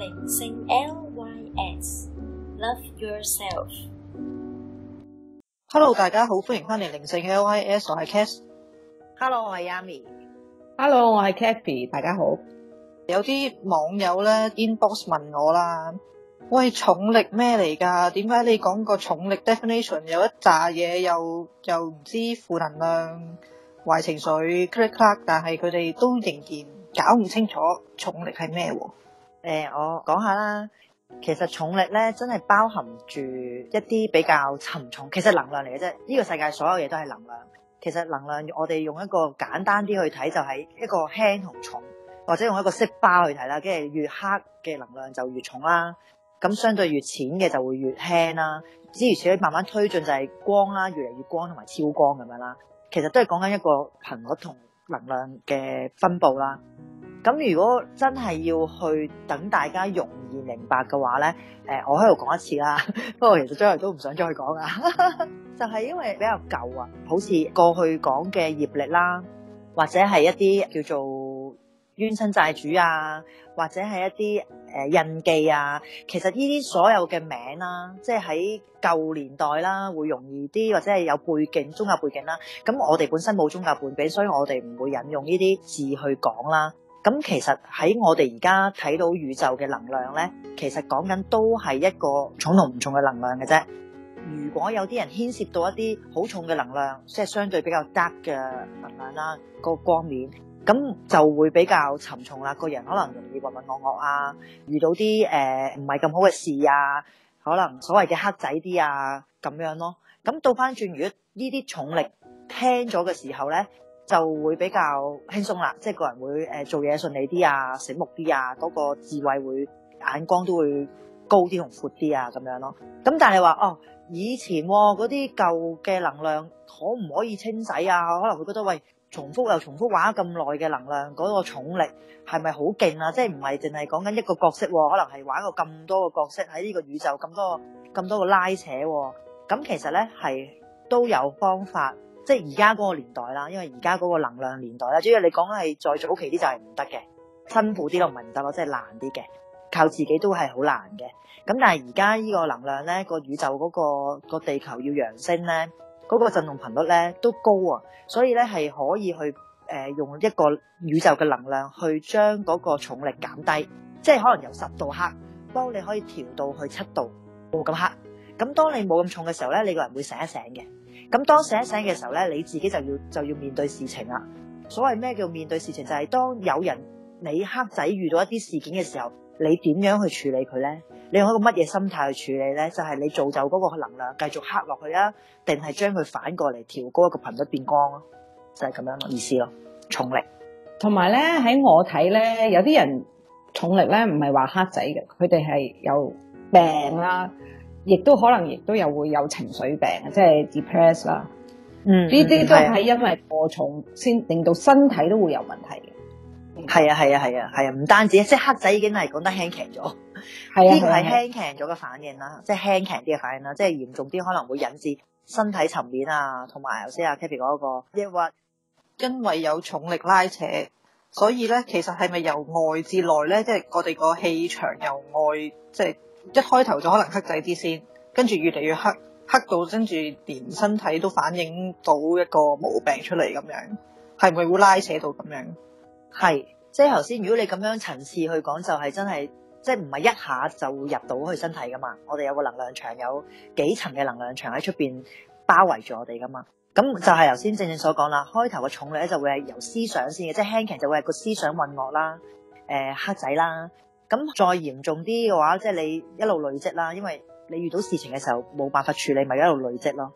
靈性 L Y S，Love Yourself。Hello，大家好，歡迎翻嚟。靈性 L Y S，我係 Cast。Hello，我係 Yami。Hello，我係 Cathy。大家好。有啲網友咧 inbox 問我啦，喂，重力咩嚟噶？點解你講個重力 definition 有一扎嘢，又又唔知負能量、壞情緒 click click，但係佢哋都仍然搞唔清楚重力係咩？誒，我講下啦，其實重力咧真係包含住一啲比較沉重，其實能量嚟嘅啫。呢個世界所有嘢都係能量。其實能量我哋用一個簡單啲去睇就係一個輕同重，或者用一個色包去睇啦，即係越黑嘅能量就越重啦。咁相對越淺嘅就會越輕啦。之如此慢慢推進就係光啦，越嚟越光同埋超光咁樣啦。其實都係講緊一個頻率同能量嘅分布啦。咁如果真係要去等大家容易明白嘅話呢，誒，我喺度講一次啦。不過其實將來都唔想再去講啊。就係因為比較舊啊，好似過去講嘅業力啦，或者係一啲叫做冤親債主啊，或者係一啲誒印記啊，其實呢啲所有嘅名啦，即係喺舊年代啦，會容易啲，或者係有背景宗教背景啦。咁我哋本身冇宗教背景，所以我哋唔會引用呢啲字去講啦。咁其實喺我哋而家睇到宇宙嘅能量咧，其實講緊都係一個重同唔重嘅能量嘅啫。如果有啲人牽涉到一啲好重嘅能量，即係相對比較 dark 嘅能量啦，個光面咁就會比較沉重啦。個人可能容易渾渾噩噩啊，遇到啲誒唔係咁好嘅事啊，可能所謂嘅黑仔啲啊咁樣咯。咁倒翻轉，如果呢啲重力輕咗嘅時候咧？就會比較輕鬆啦，即係個人會誒做嘢順利啲啊，醒目啲啊，嗰個智慧會眼光都會高啲同闊啲啊，咁樣咯。咁但係話哦，以前嗰啲舊嘅能量可唔可以清洗啊？可能會覺得喂，重複又重複玩咁耐嘅能量，嗰個重力係咪好勁啊？即係唔係淨係講緊一個角色，可能係玩過咁多個角色喺呢個宇宙咁多咁多個拉扯。咁其實呢係都有方法。即係而家嗰個年代啦，因為而家嗰個能量年代啦，主要你講係再早期啲就係唔得嘅，辛苦啲咯，唔係唔得咯，即係難啲嘅，靠自己都係好難嘅。咁但係而家呢個能量咧，個宇宙嗰、那個個地球要揚升咧，嗰、那個震動頻率咧都高啊，所以咧係可以去誒、呃、用一個宇宙嘅能量去將嗰個重力減低，即係可能由十度黑幫你可以調到去七度冇咁黑。咁當你冇咁重嘅時候咧，你個人會醒一醒嘅。咁當醒一醒嘅時候咧，你自己就要就要面對事情啦。所謂咩叫面對事情，就係、是、當有人你黑仔遇到一啲事件嘅時候，你點樣去處理佢呢？你用一個乜嘢心態去處理呢？就係、是、你造就嗰個能量繼續黑落去啊，定係將佢反過嚟調高一個頻率變光咯？就係、是、咁樣嘅意思咯。重力同埋咧喺我睇呢，有啲人重力呢唔係話黑仔嘅，佢哋係有病啦、啊。嗯亦都可能，亦都又會有情緒病，即係 depress 啦。嗯，呢啲都係因為過重先令到身體都會有問題嘅。係啊，係啊，係啊，係啊，唔單止，即係黑仔已經係講得輕強咗。係啊，呢個係輕強咗嘅反應啦，即係輕強啲嘅反應啦，即係嚴重啲可能會引致身體層面啊，同埋頭先阿 Kathy 嗰個抑鬱，因為有重力拉扯，所以咧其實係咪由外至內咧？即係我哋個氣場由外即係一開頭就可能黑仔啲先，跟住越嚟越黑，黑到跟住連身體都反映到一個毛病出嚟咁樣，係咪會拉扯到咁樣？係，即係頭先，如果你咁樣層次去講，就係、是、真係，即係唔係一下就入到去身體噶嘛？我哋有個能量場，有幾層嘅能量場喺出邊包圍住我哋噶嘛？咁就係頭先正正所講啦，開頭嘅重力咧就會係由思想先嘅，即係輕則就會係個思想混惡啦，誒、呃、黑仔啦。咁再嚴重啲嘅話，即係你一路累積啦，因為你遇到事情嘅時候冇辦法處理，咪一路累積咯。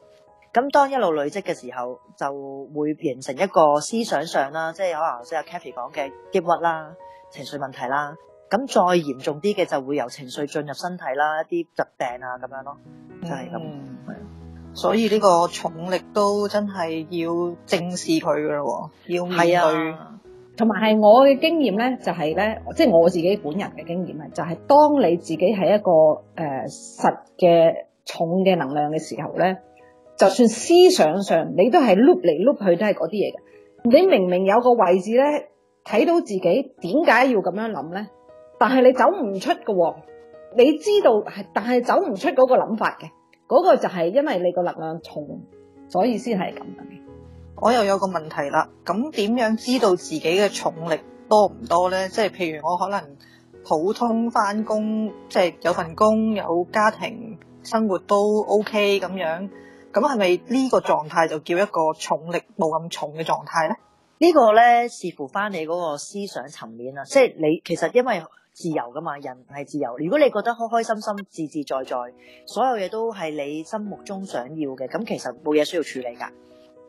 咁當一路累積嘅時候，就會形成一個思想上啦，即係可能頭先阿 Kathy 講嘅抑鬱啦、情緒問題啦。咁再嚴重啲嘅就會由情緒進入身體啦，一啲疾病啊咁樣咯，就係咁。係，嗯，所以呢個重力都真係要正視佢噶咯喎，要面對，係啊。同埋係我嘅經驗呢、就係，就係呢，即係我自己本人嘅經驗呢，就係當你自己係一個、呃、實嘅重嘅能量嘅時候呢，就算思想上你都係 loop 嚟 loop 去都係嗰啲嘢嘅，你明明有個位置呢，睇到自己點解要咁樣諗呢？但係你走唔出㗎喎、哦，你知道係，但係走唔出嗰個諗法嘅，嗰、嗰個就係因為你個能量重，所以先係咁樣嘅。我又有個問題啦，咁點樣知道自己嘅重力多唔多呢？即係譬如我可能普通翻工，即係有份工，有家庭生活都 OK 咁樣，咁係咪呢個狀態就叫一個重力冇咁重嘅狀態呢？呢、呢個呢，視乎翻你嗰個思想層面啊，即係你其實因為自由噶嘛，人係自由。如果你覺得開開心心、自自在在，所有嘢都係你心目中想要嘅，咁其實冇嘢需要處理噶。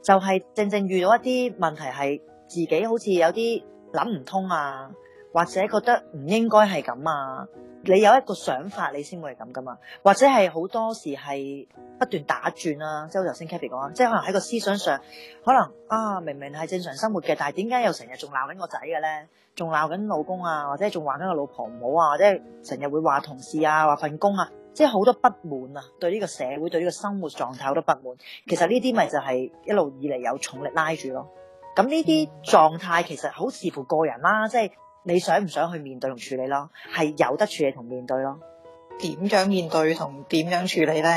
就係、是、正正遇到一啲問題，係自己好似有啲諗唔通啊，或者覺得唔應該係咁啊。你有一個想法，你先會係咁噶嘛？或者係好多時係不斷打轉啦、啊。即係好似頭先 Kathy 講，即係可能喺個思想上，可能啊明明係正常生活嘅，但係點解又成日仲鬧緊個仔嘅咧？仲鬧緊老公啊，或者仲話緊個老婆唔好啊，或者成日會話同事啊，話份工啊？即係好多不滿啊，對呢個社會，對呢個生活狀態好多不滿。其實呢啲咪就係一路以嚟有重力拉住咯。咁呢啲狀態其實好視乎個人啦，即係你想唔想去面對同處理咯，係有得處理同面對咯。點樣面對同點樣處理呢？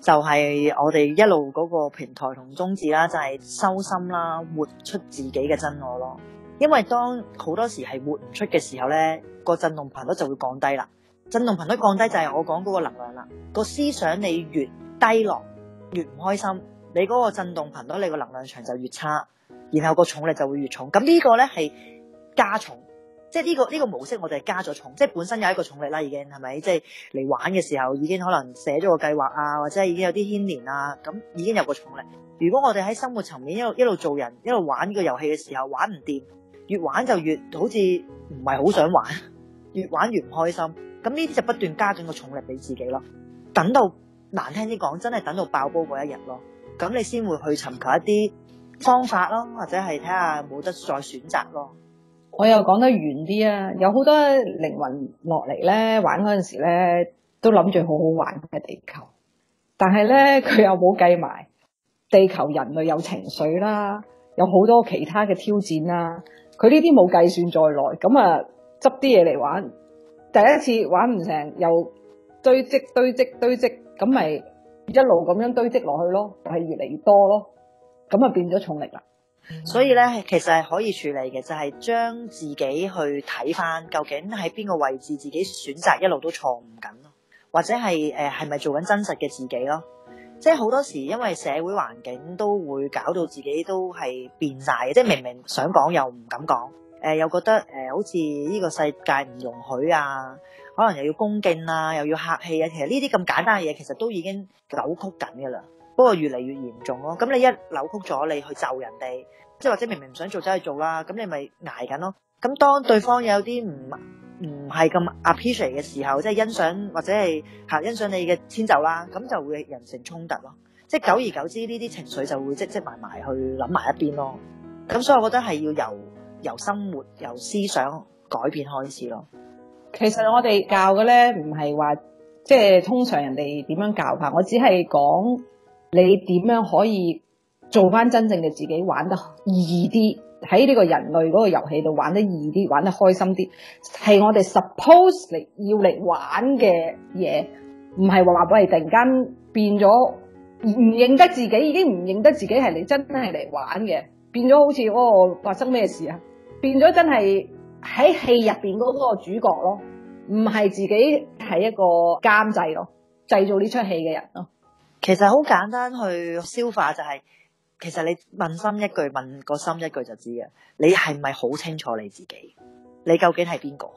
就係我哋一路嗰個平台同宗旨啦，就係修心啦，活出自己嘅真我咯。因為當好多時係活唔出嘅時候呢，個震動頻率就會降低啦。振動頻率降低就係我講嗰個能量啦，個思想你越低落、越唔開心，你嗰個振動頻率你個能量場就越差，然後個重力就會越重。咁呢個呢係加重，即係呢個、呢個模式，我哋係加咗重，即係本身有一個重力啦，已經係咪？即係嚟玩嘅時候已經可能寫咗個計劃啊，或者已經有啲牽連啊，咁已經有個重力。如果我哋喺生活層面一路一路做人，一路玩呢個遊戲嘅時候玩唔掂，越玩就越好似唔係好想玩，越玩越唔開心。咁呢啲就不斷加緊個重力俾自己咯，等到難聽啲講，真係等到爆煲嗰一日咯，咁你先會去尋求一啲方法咯，或者係睇下冇得再選擇咯。我又講得遠啲啊，有好多靈魂落嚟咧玩嗰陣時咧，都諗住好好玩嘅地球，但係咧佢又冇計埋地球人類有情緒啦，有好多其他嘅挑戰啦，佢呢啲冇計算在內，咁啊執啲嘢嚟玩。第一次玩唔成，又堆積堆積堆積，咁咪一路咁樣堆積落去咯，係、就是、越嚟越多咯，咁啊變咗重力啦、嗯。所以咧，其實係可以處理嘅，就係、是、將自己去睇翻，究竟喺邊個位置，自己選擇一路都錯唔緊咯，或者係係咪做緊真實嘅自己咯？即係好多時，因為社會環境都會搞到自己都係變晒，即係明明想講又唔敢講。誒、呃、又覺得誒、呃、好似呢個世界唔容許啊，可能又要恭敬啊，又要客氣啊。其實呢啲咁簡單嘅嘢，其實都已經扭曲緊嘅啦。不過越嚟越嚴重咯。咁你一扭曲咗，你去就人哋，即係或者明明唔想做，就就做，走去做啦。咁你咪捱緊咯。咁當對方有啲唔唔係咁 appreciate 嘅時候，即係欣賞或者係嚇欣賞你嘅遷就啦，咁就會人情衝突咯。即係久而久之，呢啲情緒就會積積埋埋去諗埋一邊咯。咁所以我覺得係要由由生活、由思想改變開始咯。其實我哋教嘅咧，唔係話即係通常人哋點樣教法，我只係講你點樣可以做翻真正嘅自己，玩得易啲，喺呢個人類嗰個遊戲度玩得易啲，玩得開心啲，係我哋 suppose 嚟要嚟玩嘅嘢，唔係話話俾你突然間變咗唔認得自己，已經唔認得自己係你真係嚟玩嘅，變咗好似哦、嗰個、發生咩事啊！變咗真係喺戲入邊嗰個主角咯，唔係自己係一個監製咯，製造呢齣戲嘅人咯。其實好簡單去消化，就係，就係其實你問心一句，問個心一句就知嘅，你係咪好清楚你自己？你究竟係邊個？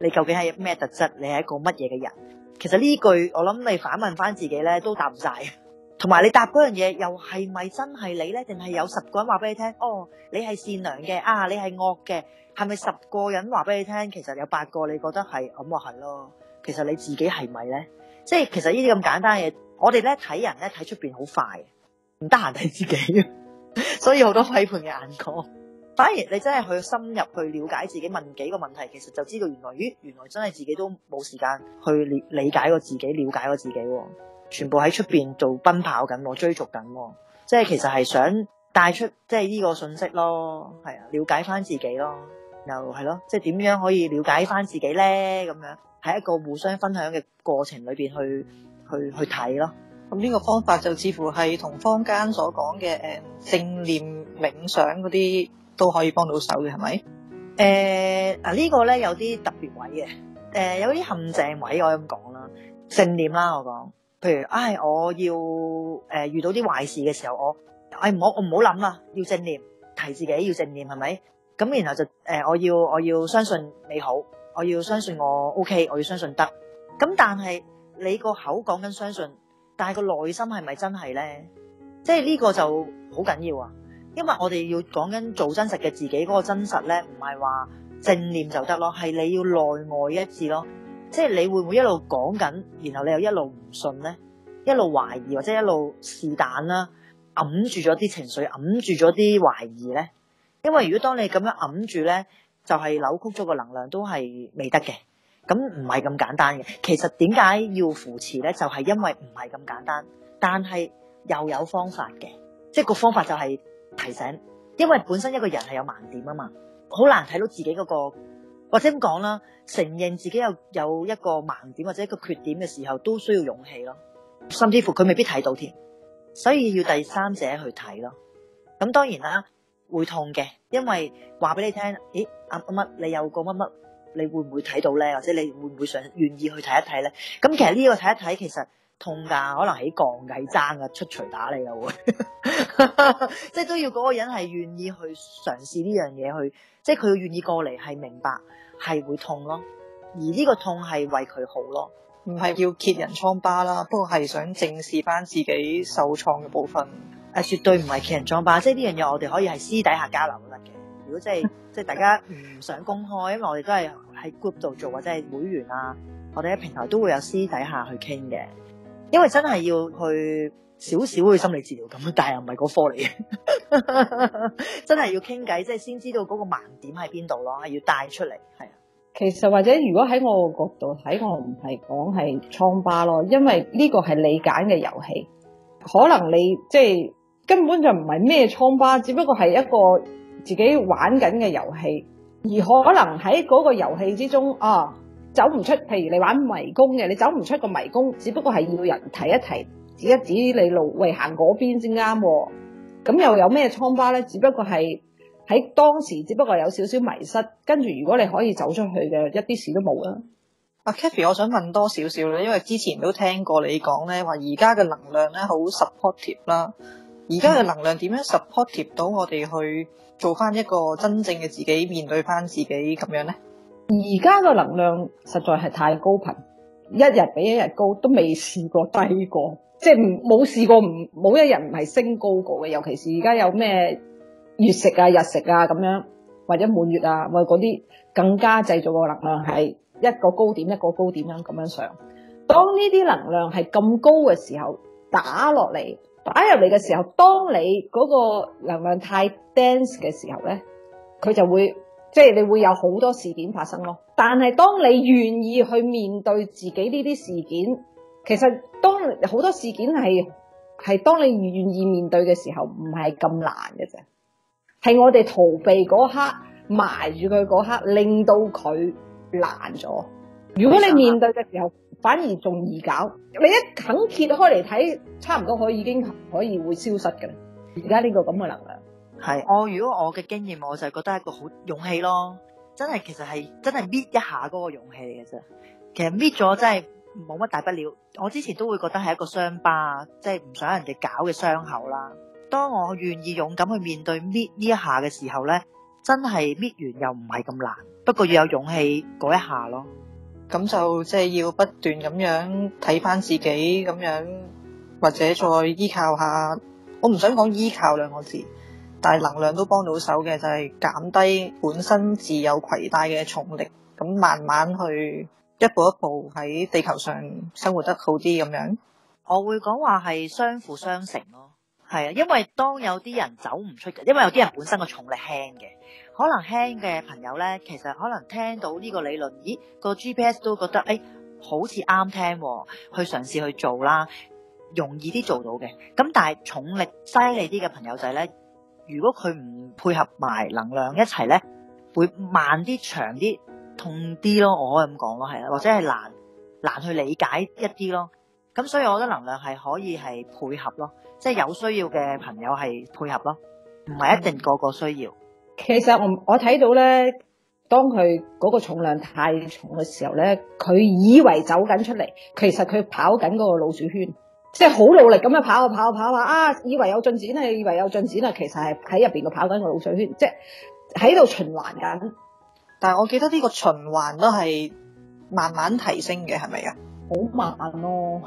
你究竟係咩特質？你係一個乜嘢嘅人？其實呢句我諗你反問翻自己咧，都答唔晒。同埋你答嗰樣嘢，又係咪真係你呢？定係有十個人話俾你聽？哦，你係善良嘅啊，你係惡嘅，係咪十個人話俾你聽？其實有八個你覺得係咁啊，係咯。其實你自己係咪呢？即係其實呢啲咁簡單嘅嘢，我哋咧睇人咧睇出面好快，唔得閒睇自己，所以好多批判嘅眼光。反而你真係去深入去了解自己，問幾個問題，其實就知道原來咦原來真係自己都冇時間去理解過自己，了解過自己。全部喺出邊做奔跑緊，我追逐緊，即係其實係想帶出即係呢個信息咯，係啊，了解翻自己咯，又係咯，即係點樣可以了解翻自己咧？咁樣喺一個互相分享嘅過程裏面去去去睇咯。咁呢個方法就似乎係同坊間所講嘅誒正念冥想嗰啲都可以幫到手嘅，係咪？誒、呃這個、呢個咧有啲特別位嘅，誒、呃、有啲陷阱位我，我咁講啦，正念啦，我講。譬如，哎，我要誒、呃、遇到啲壞事嘅時候，我，哎唔好，我唔好諗啦，要正念，提自己要正念，係咪？咁然後就誒、呃，我要我要相信美好，我要相信我 OK，我要相信得。咁但係你個口講緊相信，但係個內心係咪真係咧？即係呢個就好緊要啊，因為我哋要講緊做真實嘅自己嗰個真實咧，唔係話正念就得咯，係你要內外一致咯。即係你會唔會一路講緊，然後你又一路唔信呢？一路懷疑或者一路是但啦，揞住咗啲情緒，揞住咗啲懷疑呢？因為如果當你咁樣揞住呢，就係、是、扭曲咗個能量，都係未得嘅。咁唔係咁簡單嘅。其實點解要扶持呢？就係、是、因為唔係咁簡單，但係又有方法嘅。即係個方法就係提醒，因為本身一個人係有盲點啊嘛，好難睇到自己嗰、那個。或者咁講啦，承認自己有有一個盲點或者一個缺點嘅時候，都需要勇氣咯。甚至乎佢未必睇到添，所以要第三者去睇咯。咁當然啦，會痛嘅，因為話俾你聽，咦，阿乜乜你有個乜乜，你會唔會睇到呢？或者你會唔會想願意去睇一睇呢？咁其實呢個睇一睇，其實。痛噶，可能喺鋼嘅喺爭噶，出錘打你又會， 即係都要嗰個人係願意去嘗試呢樣嘢去，即係佢願意過嚟係明白係會痛咯，而呢個痛係為佢好咯，唔係叫揭人瘡疤啦， 不過係想正視翻自己受創嘅部分。誒、啊，絕對唔係揭人瘡疤，即係呢樣嘢我哋可以係私底下交流得嘅。如果、就是、 即係即係大家唔想公開，因為我哋都係喺 group 度做或者係會員啊，我哋喺平台都會有私底下去傾嘅。因為真係要去少少去心理治療咁，但係又唔係嗰科嚟嘅，呵呵 真係要傾偈，即係先知道嗰個盲點喺邊度咯，要帶出嚟。係啊，其實或者如果喺我角度睇，我唔係講係瘡疤咯，因為呢個係你揀嘅遊戲，可能你即係根本就唔係咩瘡疤，只不過係一個自己玩緊嘅遊戲，而可能喺嗰個遊戲之中啊。走唔出，譬如你玩迷宮嘅，你走唔出個迷宮，只不過係要人提一提，指一指你路，喂，行嗰邊先啱。咁又有咩瘡疤呢？只不過係喺當時，只不過有少少迷失。跟住如果你可以走出去嘅，一啲事都冇啊。啊，Kathy，我想問多少少咧，因為之前都聽過你講呢，話而家嘅能量呢，好 supportive 啦。而家嘅能量點樣 supportive 到我哋去做翻一個真正嘅自己，面對翻自己咁樣呢？」而家個能量實在係太高頻，一日比一日高，都未試過低過，即係唔冇試過唔冇一日唔係升高過嘅。尤其是而家有咩月食啊、日食啊咁樣，或者滿月啊，或者嗰啲更加製造個能量係一個高點一個高點咁樣咁樣上。當呢啲能量係咁高嘅時候，打落嚟、打入嚟嘅時候，當你嗰個能量太 dense 嘅時候咧，佢就會。即係你會有好多事件發生咯，但係當你願意去面對自己呢啲事件，其實當好多事件係係當你願意面對嘅時候，唔係咁難嘅啫，係我哋逃避嗰刻埋住佢嗰刻，令到佢難咗。如果你面對嘅時候，反而仲易搞，你一肯揭開嚟睇，差唔多可以已經可以會消失嘅。而家呢個咁嘅、這個、能量。係我，如果我嘅經驗，我就係覺得係一個好勇氣咯。真係其實係真係搣一下嗰個勇氣嘅啫。其實搣咗真係冇乜大不了。我之前都會覺得係一個傷疤，即係唔想人哋搞嘅傷口啦。當我願意勇敢去面對搣呢一下嘅時候呢，真係搣完又唔係咁難。不過要有勇氣嗰一下咯。咁就即係要不斷咁樣睇翻自己咁樣，或者再依靠一下。我唔想講依靠兩個字。但係能量都幫到手嘅就係、是、減低本身自有攜帶嘅重力，咁慢慢去一步一步喺地球上生活得好啲咁樣。我會講話係相輔相成咯，係啊，因為當有啲人走唔出嘅，因為有啲人本身個重力輕嘅，可能輕嘅朋友呢，其實可能聽到呢個理論，咦、個 G P S 都覺得誒、哎、好似啱聽、哦，去嘗試去做啦，容易啲做到嘅。咁但係重力犀利啲嘅朋友就係呢如果佢唔配合埋能量一齊呢，會慢啲、長啲、痛啲咯，我可以咁講咯，係啦，或者係難難去理解一啲咯。咁所以我覺得能量係可以係配合咯，即係有需要嘅朋友係配合咯，唔係一定個個需要。其實我我睇到呢，當佢嗰個重量太重嘅時候呢，佢以為走緊出嚟，其實佢跑緊嗰個老鼠圈。即係好努力咁樣跑啊跑啊跑啊啊！以為有進展啊，以為有進展啊，其實係喺入邊個跑緊個腦水圈，即係喺度循環緊。但係我記得呢個循環都係慢慢提升嘅，係咪啊？好慢咯、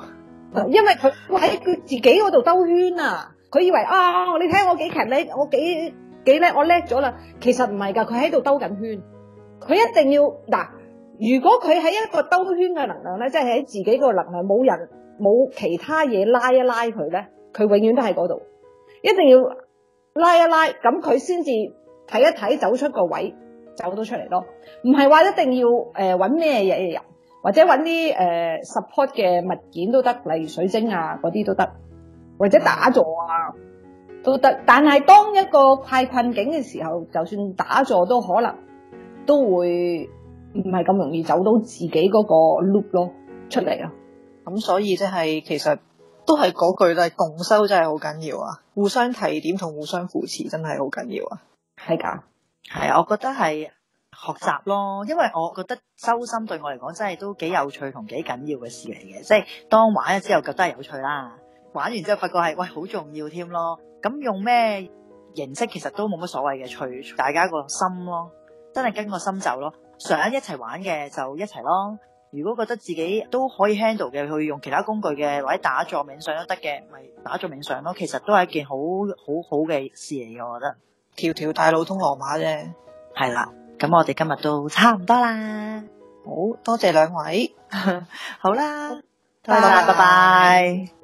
哦， 因為佢喺佢自己嗰度兜圈啊！佢以為啊、哦，你睇下我幾勤力，我幾幾叻，我叻咗啦。其實唔係噶，佢喺度兜緊圈，佢一定要嗱。如果佢喺一個兜圈嘅能量咧，即係喺自己個能量，冇、就是、人。冇其他嘢拉一拉佢咧，佢永遠都喺嗰度。一定要拉一拉，咁佢先至睇一睇走出個位，走到出嚟咯。唔係話一定要誒揾咩嘢人，或者揾啲誒 support 嘅物件都得，例如水晶啊嗰啲都得，或者打坐啊都得。但係當一個太困境嘅時候，就算打坐都可能都會唔係咁容易走到自己嗰個 loop 咯出嚟啊！咁所以即係其實都係嗰句啦，都共修真係好緊要啊，互相提點同互相扶持真係好緊要啊，係噶，係啊，我覺得係學習咯，因為我覺得修心對我嚟講真係都幾有趣同幾緊要嘅事嚟嘅，即係當玩咗之後覺得係有趣啦，玩完之後發覺係喂好重要添咯，咁用咩形式其實都冇乜所謂嘅，隨大家個心咯，真係跟個心走咯，想一齊玩嘅就一齊咯。如果覺得自己都可以 handle 嘅，去用其他工具嘅，或者打坐冥想都得嘅，咪打坐冥想咯。其實都係一件好好好嘅事嚟嘅，我覺得。條條大路通羅馬啫。係啦，咁我哋今日都差唔多 啦。好多謝兩位。好啦，拜拜拜拜。拜拜拜拜。